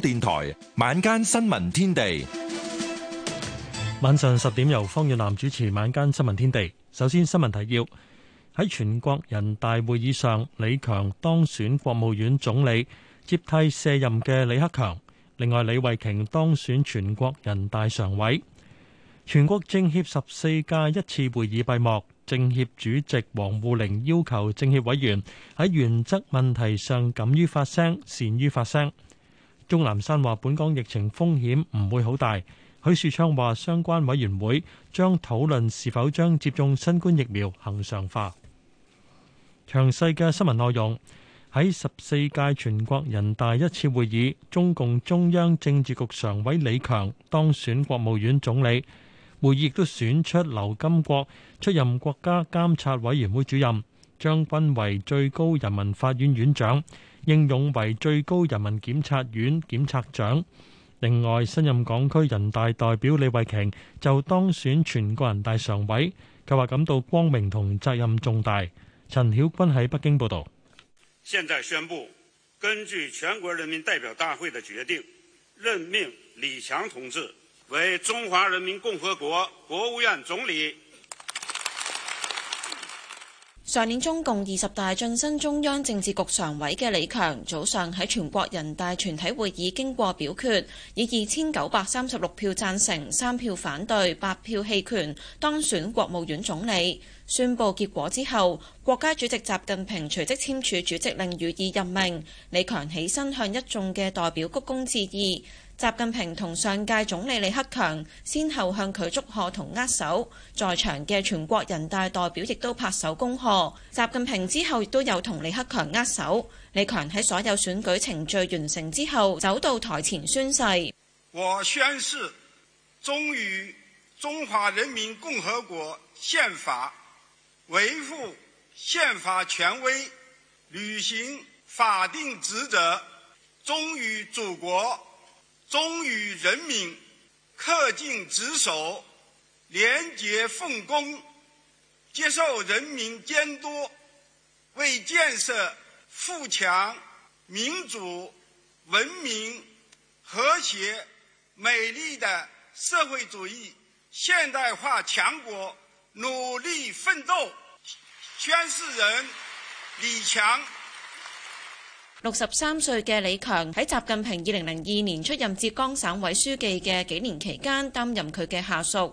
電台晚間新聞天地，晚上十點由方遠南主持。晚間新聞天地。首先，新聞提要：喺全國人大會議上，李強當選國務院總理，接替卸任嘅李克強。另外，李慧瓊當選全國人大常委。全國政協十四屆一次會議閉幕，政協主席王滬寧要求政協委員喺原則問題上敢於發聲，善於發聲。鐘南山話：本港疫情風險唔會好大。許樹昌話：相關委員會將討論是否將接種新冠疫苗恒常化。詳細嘅新聞內容喺十四屆全國人大一次會議，中共中央政治局常委李強當選國務院總理。會議亦都選出劉金國出任國家監察委員會主任，張軍為最高人民法院院長。應勇為最高人民檢察院檢察長。另外，新任港區人大代表李慧瓊就當選全國人大常委，佢話感到光明同責任重大。陳曉君喺北京報道。現在宣布，根據全國人民代表大會的決定，任命李強同志為中華人民共和國國務院總理。上年中共二十大晉身中央政治局常委嘅李強，早上喺全國人大全體會議經過表決，以二千九百三十六票贊成、三票反對、八票棄權，當選國務院總理。宣布結果之後，國家主席習近平隨即簽署主席令予以任命。李強起身向一眾嘅代表鞠躬致意。習近平同上屆總理李克強先後向佢祝賀同握手，在場嘅全國人大代表亦都拍手恭賀。習近平之後亦都有同李克強握手。李強喺所有選舉程序完成之後，走到台前宣誓：我宣誓，忠於中華人民共和國憲法，維護憲法權威，履行法定職責，忠於祖國。忠於人民，恪盡職守，廉潔奉公，接受人民監督，為建設富強、民主、文明、和諧、美麗的社會主義現代化強國努力奮鬥。宣誓人：李強。六十三歲嘅李強喺習近平二零零二年出任浙江省委書記嘅幾年期間，擔任佢嘅下屬。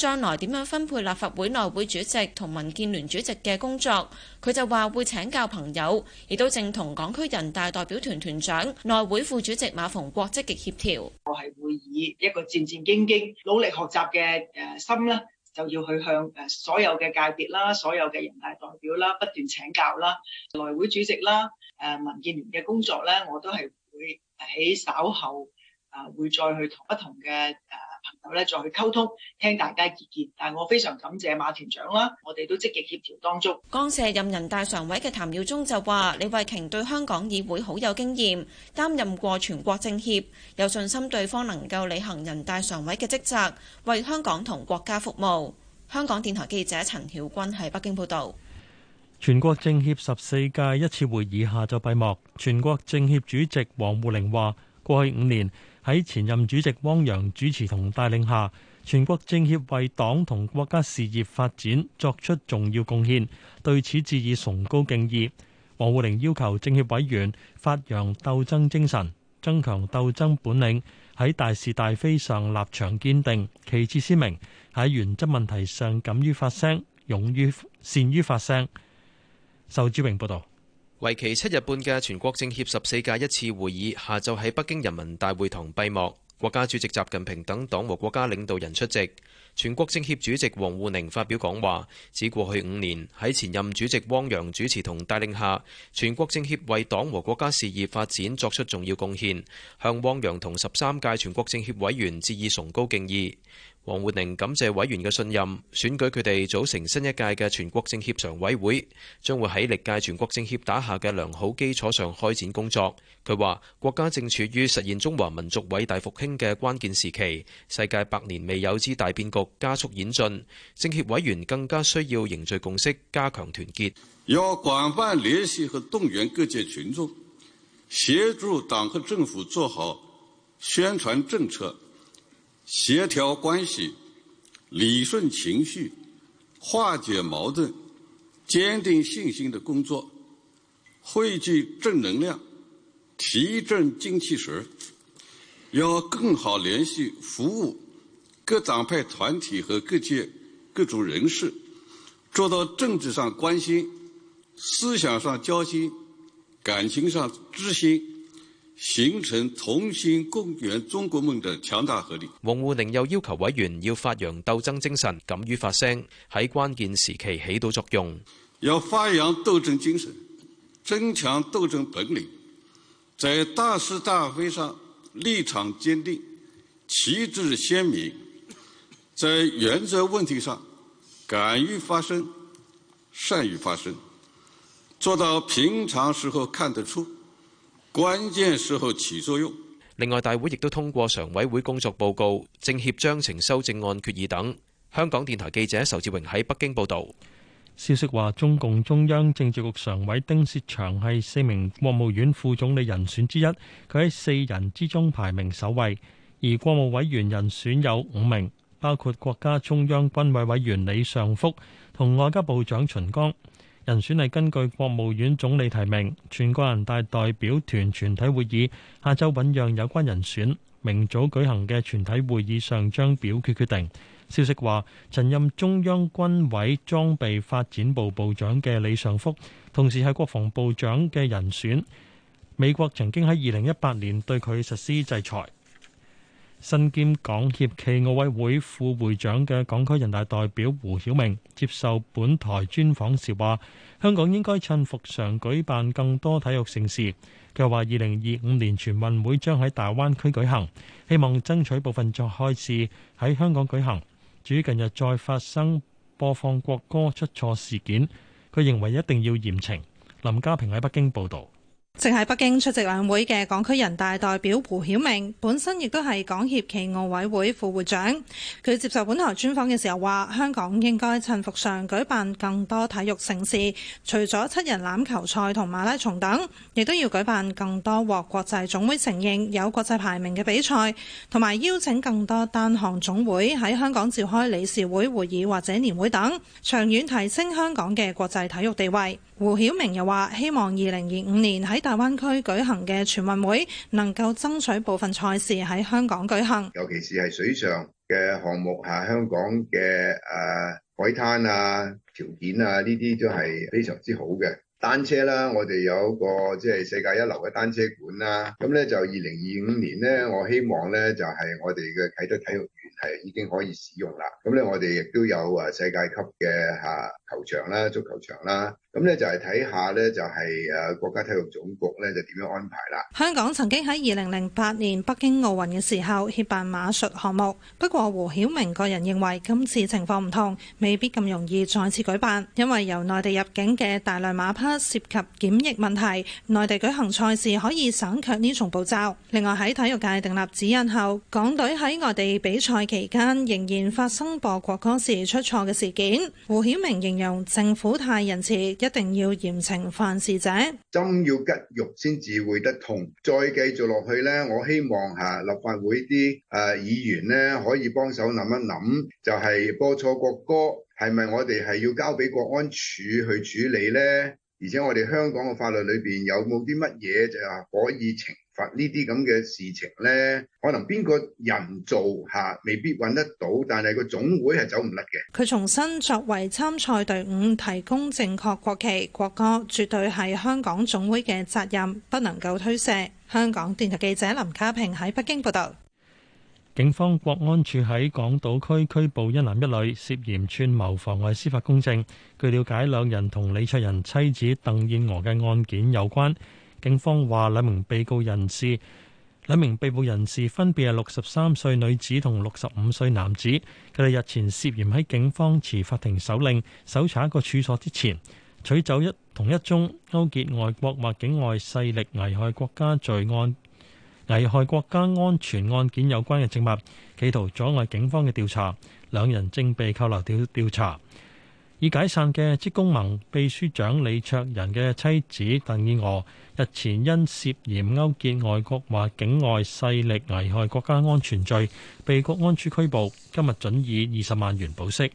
將來點樣分配立法會內會主席同民建聯主席嘅工作？佢就話會請教朋友，亦都正同港區人大代表團團長、內會副主席馬逢國積極協調。我係會以一個戰戰兢兢、努力學習嘅誒心咧，就要去向誒所有嘅界別啦、所有嘅人大代表啦、不斷請教啦，內會主席啦、誒民建聯嘅工作咧，我都係會喺稍後。啊會再去同不同嘅誒朋友呢再去溝通，聽大家意見。但我非常感謝馬團長啦，我哋都積極協調當中。剛卸任人大常委嘅譚耀宗就話：李慧瓊對香港議會好有經驗，擔任過全國政協，有信心對方能夠履行人大常委嘅職責，為香港同國家服務。香港電台記者陳曉君喺北京報道。全國政協十四屆一次會議下晝閉幕，全國政協主席王滬寧話：過去五年。喺前任主席汪洋主持同帶領下，全國政協為黨同國家事業發展作出重要貢獻，對此致以崇高敬意。王滬寧要求政協委員發揚鬥爭精神，增強鬥爭本領，喺「大是大非」上立場堅定、旗幟鮮明，喺原則問題上敢於發聲、勇於善於發聲。劉志榮報道。為期七日半嘅全國政協十四屆一次會議下晝喺北京人民大會堂閉幕，國家主席習近平等黨和國家領導人出席。全國政協主席王滬寧發表講話，指過去五年喺前任主席汪洋主持同帶領下，全國政協為黨和國家事業發展作出重要貢獻，向汪洋同十三屆全國政協委員致以崇高敬意。王滬寧感謝委員嘅信任，選舉佢哋組成新一屆嘅全國政協常委會，將會喺歷屆全國政協打下嘅良好基礎上開展工作。佢話，國家正處於實現中華民族偉大復興嘅關鍵時期，世界百年未有之大變局加速演進，政協委員更加需要凝聚共識，加強團結。要廣泛聯繫和動員各界群眾，協助黨和政府做好宣傳政策。協調關係、理順情緒、化解矛盾、堅定信心的工作，匯聚正能量、提振精氣神，要更好聯繫服務各黨派團體和各界各族人士，做到政治上關心、思想上交心、感情上知心。形成同心共圓中國夢的強大合力。王滬寧又要求委員要發揚鬥爭精神，敢於發聲，在關鍵時期起到作用。要發揚鬥爭精神，增強鬥爭本領，在大是大非上立場堅定，旗幟鮮明，在原則問題上敢於發聲，善於發聲，做到平常時候看得出，關鍵時候起作用。另外，大會亦都通過常委會工作報告、政協章程修正案決議等。香港電台記者仇志榮喺北京報道。消息話中共中央政治局常委丁薛祥係四名國務院副總理人選之一，佢喺四人之中排名首位。而國務委員人選有五名，包括國家中央軍委委員李尚福同外交部長秦剛。人選係根據國務院總理提名，全國人大代表團全體會議下晝醞釀有關人選，明早舉行嘅全體會議上將表決決定。消息話，曾任中央軍委裝備發展部部長嘅李尚福，同時係國防部長嘅人選。美國曾經喺二零一八年對佢實施制裁。身兼港協暨奧委會副會長嘅港區人大代表胡曉明接受本台專訪時話：香港應該趁復常舉辦更多體育盛事。佢又話：二零二五年全運會將喺大灣區舉行，希望爭取部分賽事喺香港舉行。至於近日再發生播放國歌出錯事件，佢認為一定要嚴懲。林家平喺北京報導。正喺北京出席兩會嘅港區人大代表胡曉明，本身亦都係港協暨奧委會副會長，佢接受本台專訪嘅時候話：香港應該趁服上舉辦更多體育盛事，除咗七人欖球賽同馬拉松等，亦都要舉辦更多獲國際總會承認有國際排名嘅比賽，同埋邀請更多單項總會喺香港召開理事會會議或者年會等，長遠提升香港嘅國際體育地位。胡曉明又話：希望二零二五年喺大灣區舉行嘅全運會，能夠爭取部分賽事喺香港舉行。尤其是係水上嘅項目下，嚇香港嘅誒海灘啊條件啊呢啲都係非常之好嘅。單車啦，我哋有個即係世界一流嘅單車館啦。咁咧就二零二五年咧，我希望咧就係我哋嘅啟德體育園係已經可以使用啦。咁咧我哋亦都有誒世界級嘅嚇球場啦、足球場啦。咁呢就係睇下呢，就係誒國家體育總局呢，就點樣安排啦。香港曾經喺二零零八年北京奧運嘅時候協辦馬術項目，不過胡曉明個人認為今次情況唔同，未必咁容易再次舉辦，因為由內地入境嘅大量馬匹涉及檢疫問題，內地舉行賽事可以省卻呢重步驟。另外喺體育界訂立指引後，港隊喺外地比賽期間仍然發生播國歌時出錯嘅事件。胡曉明形容政府太仁慈。一定要嚴懲犯事者。針要吉肉先至會得痛，再繼續落去呢，我希望嚇立法會啲誒議員呢可以幫手諗一諗，就係、是、播錯國歌係咪我哋係要交俾國安處去處理呢？而且我哋香港嘅法律裏邊有冇啲乜嘢就係可以懲？呢啲咁嘅事情呢，可能邊個人做吓，未必揾得到，但係個總會係走唔甩嘅。佢重新作為參賽隊伍提供正確國旗國歌，絕對係香港總會嘅責任，不能夠推卸。香港電台記者林家平喺北京報道。警方國安處喺港島區拘捕一男一女，涉嫌串謀妨礙司法公正。據了解，兩人同李卓人妻子鄧燕娥嘅案件有關。警方話兩名被告人士，兩名被捕人士分別係六十三歲女子同六十五歲男子，佢哋日前涉嫌喺警方持法庭手令搜查一個處所之前，取走一同一宗勾結外國或境外勢力危害國家罪案、危害國家安全案件有關嘅證物，企圖阻礙警方嘅調查，兩人正被扣留調調查。已解散嘅職工盟秘書長李卓人嘅妻子鄧燕娥日前因涉嫌勾結外國或境外勢力危害國家安全罪，被國安處拘捕，今日准以二十萬元保釋。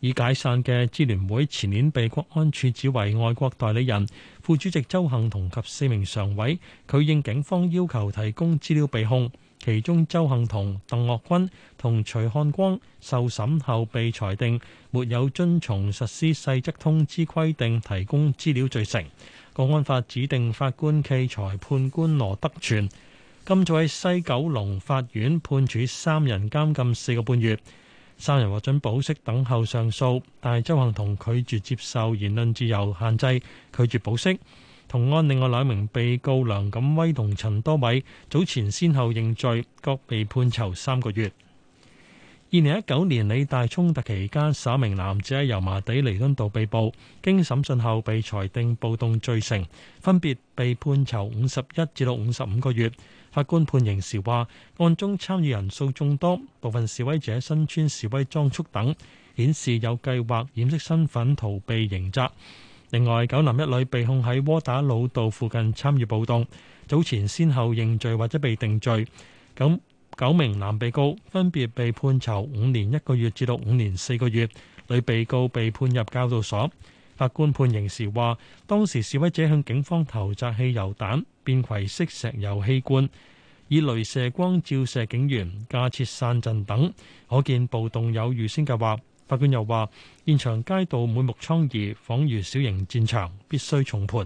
已解散嘅支聯會前年被國安處指為外國代理人，副主席鄒幸彤及四名常委，拒應警方要求提供資料，被控。其中周幸彤、鄧岳君同徐漢光受審後被裁定沒有遵從實施細則通知規定提供資料罪成，國安法指定法官暨裁判官羅德全今早喺西九龍法院判處三人監禁四個半月，三人獲准保釋等候上訴，但係周幸彤拒絕接受言論自由限制，拒絕保釋。同案另外兩名被告梁錦威同陳多偉早前先後認罪，各被判囚三個月。二零一九年理大衝突期間，三名男子喺油麻地彌敦道被捕，經審訊後被裁定暴動罪成，分別被判囚五十一至到五十五個月。法官判刑時話，案中參與人數眾多，部分示威者身穿示威裝束等，顯示有計劃掩飾身份逃避刑責。另外，九男一女被控喺窩打老道附近參與暴動，早前先後認罪或者被定罪。咁九名男被告分別被判囚五年一個月至到五年四個月，女被告被判入教導所。法官判刑時話，當時示威者向警方投擲汽油彈、便攜式石油氣罐，以雷射光照射警員，架設傘陣等，可見暴動有預先計劃。法官又話：現場街道滿目瘡痍，彷如小型戰場，必須重盤。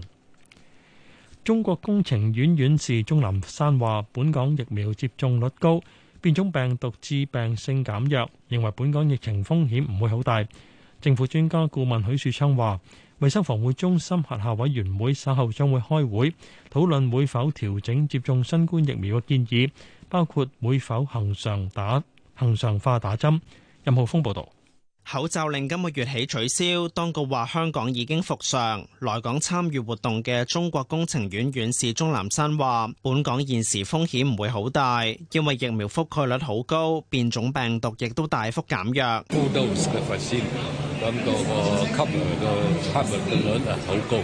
中國工程院院士鍾南山話：本港疫苗接種率高，變種病毒致病性減弱，認為本港疫情風險唔會好大。政府專家顧問許樹昌話：衞生防護中心轄下委員會稍後將會開會討論，會否調整接種新冠疫苗嘅建議，包括會否恆常打，恆常化打針。任浩峯報導。口罩令今個月起取消。當局話香港已經復常。來港參與活動嘅中國工程院院士鍾南山話：本港現時風險唔會好大，因為疫苗覆蓋率好高，變種病毒亦都大幅減弱。病毒首先個吸入個吸入率啊，好高。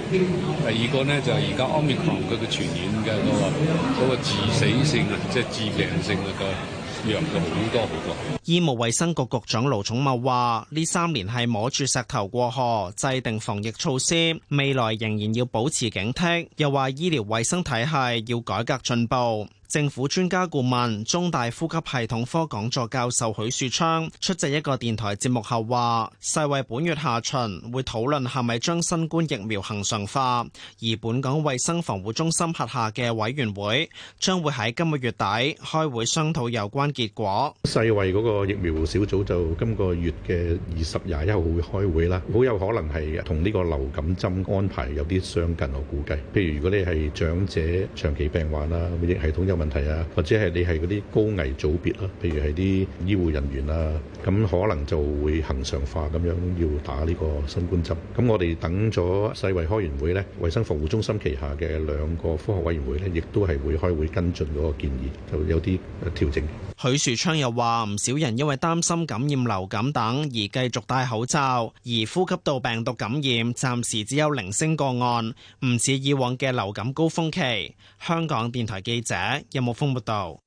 第二個呢，就係而家奧密克戎佢嘅傳染嘅嗰個嗰個致死性啊，即係致病性啊。陽好多好多。醫務衛生局局長盧寵茂話：呢三年係摸住石頭過河，制定防疫措施，未來仍然要保持警惕。又話醫療衛生體系要改革進步。政府專家顧問中大呼吸系統科講座教授許樹昌出席一個電台節目後話，世衛本月下旬會討論係咪將新冠疫苗恒常化，而本港衛生防護中心轄下嘅委員會將會喺今個月底開會商討有關結果。世衛嗰個疫苗小組就今個月嘅二十廿一號會開會啦，好有可能係同呢個流感針安排有啲相近，我估計。譬如如果你係長者、長期病患啦，免疫系統有問題啊，或者係你係嗰啲高危組別啦，譬如係啲醫護人員啊，咁可能就會恆常化咁樣要打呢個新冠針。咁我哋等咗世衞開完會呢，衛生服務中心旗下嘅兩個科學委員會呢，亦都係會開會跟進嗰個建議，就有啲調整。許樹昌又話：唔少人因為擔心感染流感等而繼續戴口罩，而呼吸道病毒感染暫時只有零星個案，唔似以往嘅流感高峯期。香港電台記者。有冇風沒到？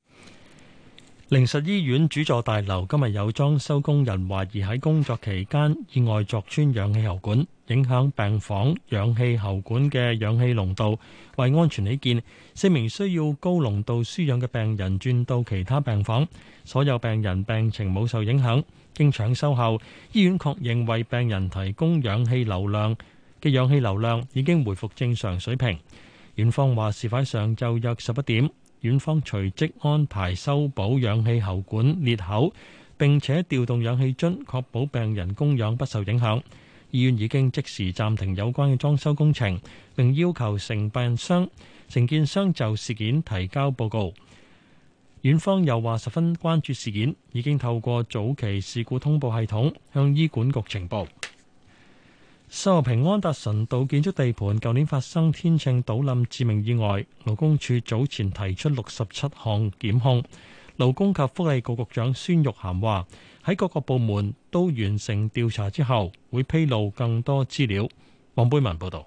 靈實醫院主座大樓今日有裝修工人懷疑喺工作期間意外鑿穿氧氣喉管，影響病房氧氣喉管嘅氧氣濃度。為安全起見，四名需要高濃度輸氧嘅病人轉到其他病房。所有病人病情冇受影響。經搶修後，醫院確認為病人提供氧氣流量嘅氧氣流量已經回復正常水平。院方話，事發上晝約十一點。院方隨即安排修補氧氣喉管裂口，並且調動氧氣樽，確保病人供氧不受影響。醫院已經即時暫停有關嘅裝修工程，並要求承辦商、承建商就事件提交報告。院方又話十分關注事件，已經透過早期事故通報系統向醫管局呈報。受平安達臣道建築地盤舊年發生天秤倒冧致，致命意外，勞工處早前提出六十七項檢控。勞工及福利局局長孫玉菡話：喺各個部門都完成調查之後，會披露更多資料。王貝文報道。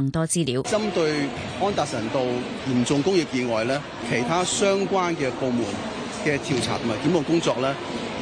更多資料，針對安達臣道嚴重工業意外咧，其他相關嘅部門嘅調查同埋檢控工作咧，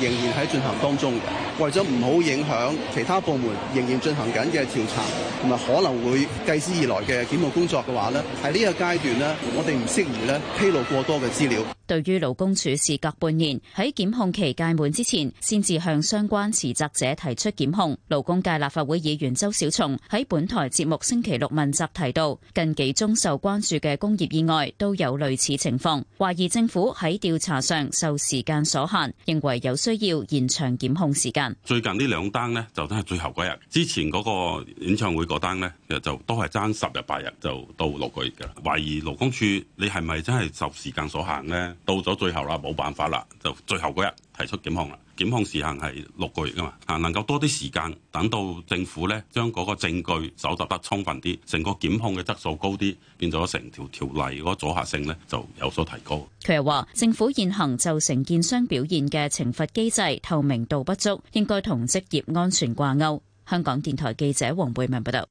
仍然喺進行當中嘅。為咗唔好影響其他部門仍然進行緊嘅調查同埋可能會繼之而來嘅檢控工作嘅話咧，喺呢個階段咧，我哋唔適宜咧披露過多嘅資料。對於勞工處事隔半年喺檢控期屆滿之前，先至向相關持責者提出檢控。勞工界立法會議員周小松喺本台節目星期六問責提到，近幾宗受關注嘅工業意外都有類似情況，懷疑政府喺調查上受時間所限，認為有需要延長檢控時間。最近呢兩單呢，就真係最後嗰日，之前嗰個演唱會嗰單呢，其實就都係爭十日八日就到六個月嘅，懷疑勞工處你係咪真係受時間所限呢？到咗最後啦，冇辦法啦，就最後嗰日提出檢控啦。檢控時限係六個月噶嘛，啊，能夠多啲時間等到政府呢將嗰個證據搜集得,得充分啲，成個檢控嘅質素高啲，變咗成條條例嗰個阻吓性呢就有所提高。佢又話，政府現行就承建商表現嘅懲罰機制透明度不足，應該同職業安全掛鈎。香港電台記者黃貝文報道。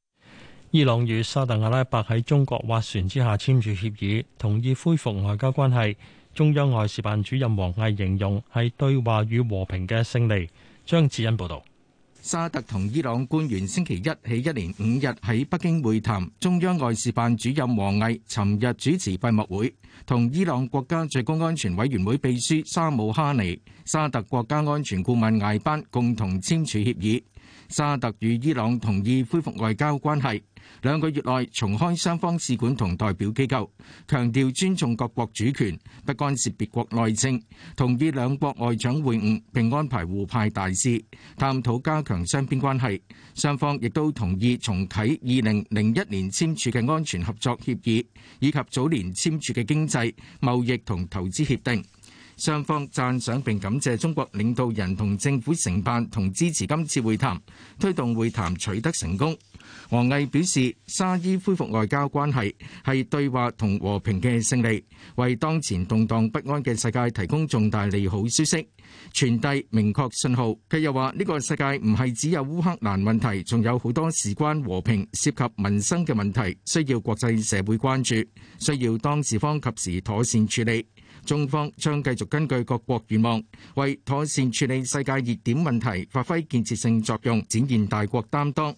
伊朗與沙特阿拉伯喺中國斡旋之下簽署協議，同意恢復外交關係。中央外事辦主任王毅形容係對話與和平嘅勝利。張智恩報導，沙特同伊朗官員星期一起一連五日喺北京會談。中央外事辦主任王毅尋日主持閉幕會，同伊朗國家最高安全委員會秘書沙姆哈尼、沙特國家安全顧問艾班共同簽署協議。沙特與伊朗同意恢復外交關係，兩個月內重開雙方使館同代表機構，強調尊重各國主權，不干涉別國內政，同意兩國外長會晤並安排互派大使，探討加強雙邊關係。雙方亦都同意重啟二零零一年簽署嘅安全合作協議，以及早年簽署嘅經濟、貿易同投資協定。雙方讚賞並感謝中國領導人同政府承辦同支持今次會談，推動會談取得成功。王毅表示，沙伊恢復外交關係係對話同和平嘅勝利，為當前動盪不安嘅世界提供重大利好消息，傳遞明確信號。佢又話：呢個世界唔係只有烏克蘭問題，仲有好多事關和平、涉及民生嘅問題，需要國際社會關注，需要當事方及時妥善處理。中方將繼續根據各國願望，為妥善處理世界熱點問題發揮建設性作用，展現大國擔當。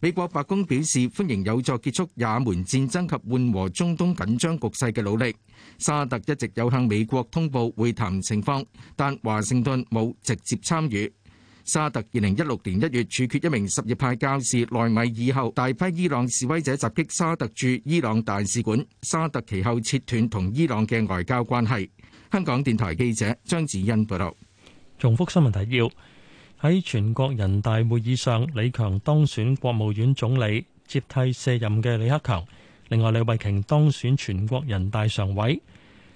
美國白宮表示歡迎有助結束也門戰爭及緩和中東緊張局勢嘅努力。沙特一直有向美國通報會談情況，但華盛頓冇直接參與。沙特二零一六年一月處決一名什葉派教士奈米爾後，大批伊朗示威者襲擊沙特駐伊朗大使館，沙特其後切斷同伊朗嘅外交關係。香港電台記者張子欣報道。重複新聞提要：喺全國人大會議上，李強當選國務院總理，接替卸任嘅李克強。另外，李慧瓊當選全國人大常委。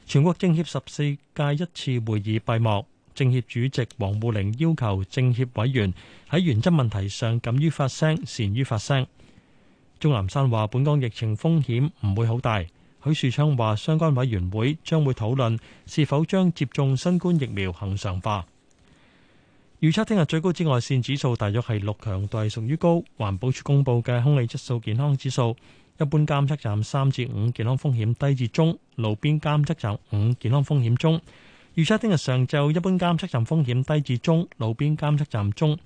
全國政協十四屆一次會議閉幕。政協主席王滬寧要求政協委員喺原則問題上敢於發聲、善於發聲。鍾南山話：本港疫情風險唔會好大。許樹昌話：相關委員會將會討論是否將接種新冠疫苗恒常化。預測聽日最高紫外線指數大約係六強度，屬於高。環保署公布嘅空氣質素健康指數，一般監測站三至五，健康風險低至中；路邊監測站五，健康風險中。預測聽日上晝一般監測站風險低至中，路邊監測站中；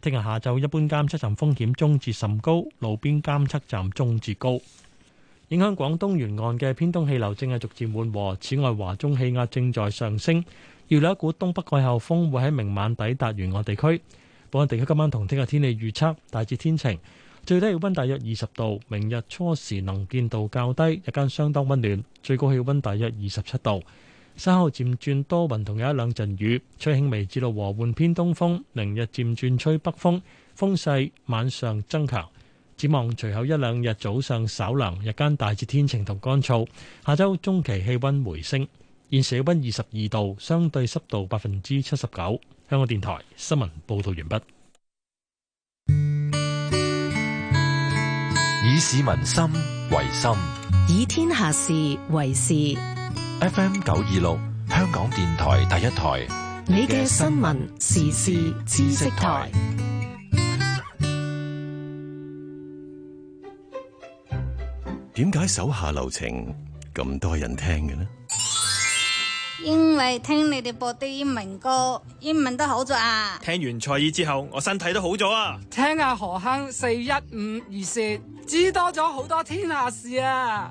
聽日下晝一般監測站風險中至甚高，路邊監測站中至高。影響廣東沿岸嘅偏東氣流正係逐漸緩和，此外華中氣壓正在上升，預料一股東北季候風會喺明晚抵達沿岸地區。本港地區今晚同聽日天氣預測大致天晴，最低氣温大約二十度，明日初時能見度較低，日間相當温暖，最高氣温大約二十七度。稍後漸轉多雲，同有一兩陣雨，吹輕微至到和緩偏東風。明日漸轉吹北風，風勢晚上增強。展望隨後一兩日早上稍涼，日間大致天晴同乾燥。下周中期氣溫回升，現時氣溫二十二度，相對濕度百分之七十九。香港電台新聞報道完畢。以市民心為心，以天下事為事。F M 九二六，香港電台第一台。你嘅新聞時事知識台。點解手下留情咁多人聽嘅呢？因為聽你哋播啲英文歌，英文都好咗啊！聽完蔡爾之後，我身體都好咗啊！聽下何坑四一五二說，知多咗好多天下事啊！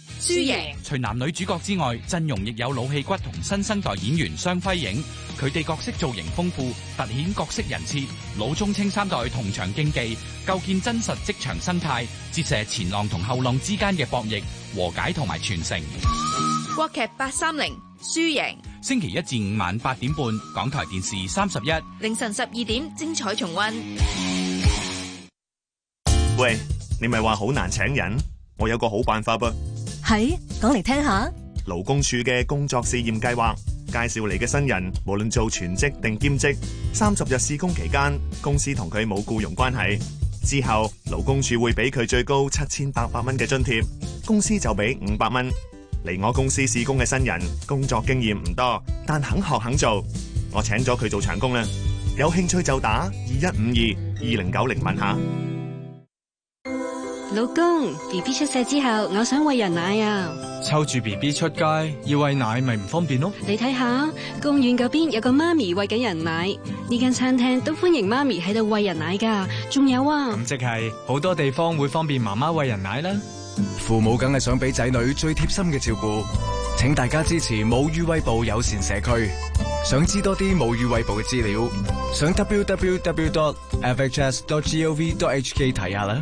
輸贏，除男女主角之外，陣容亦有老戲骨同新生代演員雙輝映。佢哋角色造型豐富，凸顯角色人設。老中青三代同場競技，構建真實職場生態，折射前浪同後浪之間嘅博弈、和解同埋傳承。國劇八三零輸贏，星期一至五晚八點半，港台電視三十一，凌晨十二點精彩重溫。喂，你咪話好難請人，我有個好辦法噃。係？講嚟聽下，勞工處嘅工作試驗計劃介紹嚟嘅新人，無論做全職定兼職，三十日試工期間，公司同佢冇僱傭關係。之後勞工處會俾佢最高七千八百蚊嘅津貼，公司就俾五百蚊。嚟我公司試工嘅新人，工作經驗唔多，但肯學肯做，我請咗佢做長工啦。有興趣就打二一五二二零九零問下。老公，B B 出世之後，我想餵人奶啊！抽住 B B 出街要餵奶咪唔方便咯，啊。你睇下公園嗰邊有個媽咪餵緊人奶，呢間餐廳都歡迎媽咪喺度餵人奶噶。仲有啊，咁即係好多地方會方便媽媽餵人奶啦。父母梗係想俾仔女最貼心嘅照顧，請大家支持母乳餵哺友善社區。想知多啲母乳餵哺嘅資料，上 w w w dot f h s dot g o v dot h k 睇下啦。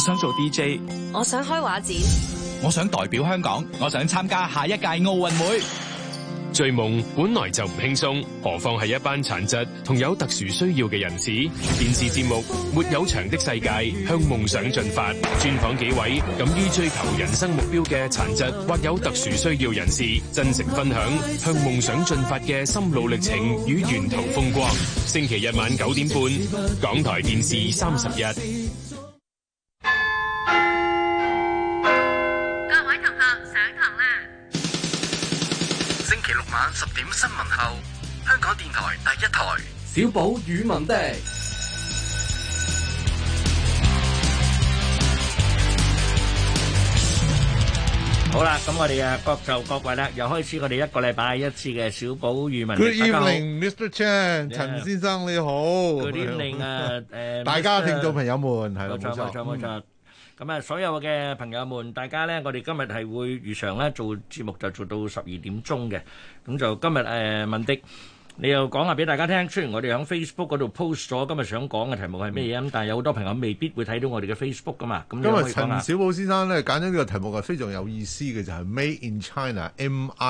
我想做 DJ，我想開畫展，我想代表香港，我想參加下一屆奧運會。追夢本來就唔輕鬆，何況係一班殘疾同有特殊需要嘅人士。電視節目《沒有牆的世界》，向夢想進發。專訪幾位敢於追求人生目標嘅殘疾或有特殊需要人士，真誠分享向夢想進發嘅心路歷程與沿途風光。星期日晚九點半，港台電視三十日。六晚十點新聞後，香港電台第一台小寶語文的。好啦，咁我哋啊各就各位啦，又開始我哋一個禮拜一次嘅小寶語文。Good evening, Mr. Chan，陳先生你好。Good evening 啊，誒，大家聽眾朋友們係啦，冇錯冇錯冇錯。咁啊，所有嘅朋友們大家咧，我哋今日係會如常咧做節目，就做到十二點鐘嘅。咁就今日誒文迪你又講下俾大家聽，雖然我哋響 Facebook 度 post 咗今日想講嘅題目係咩嘢，咁但係有好多朋友未必會睇到我哋嘅 Facebook 噶嘛。咁今日陳小寶先生咧揀咗呢個題目係非常有意思嘅，就係 Made in China M I。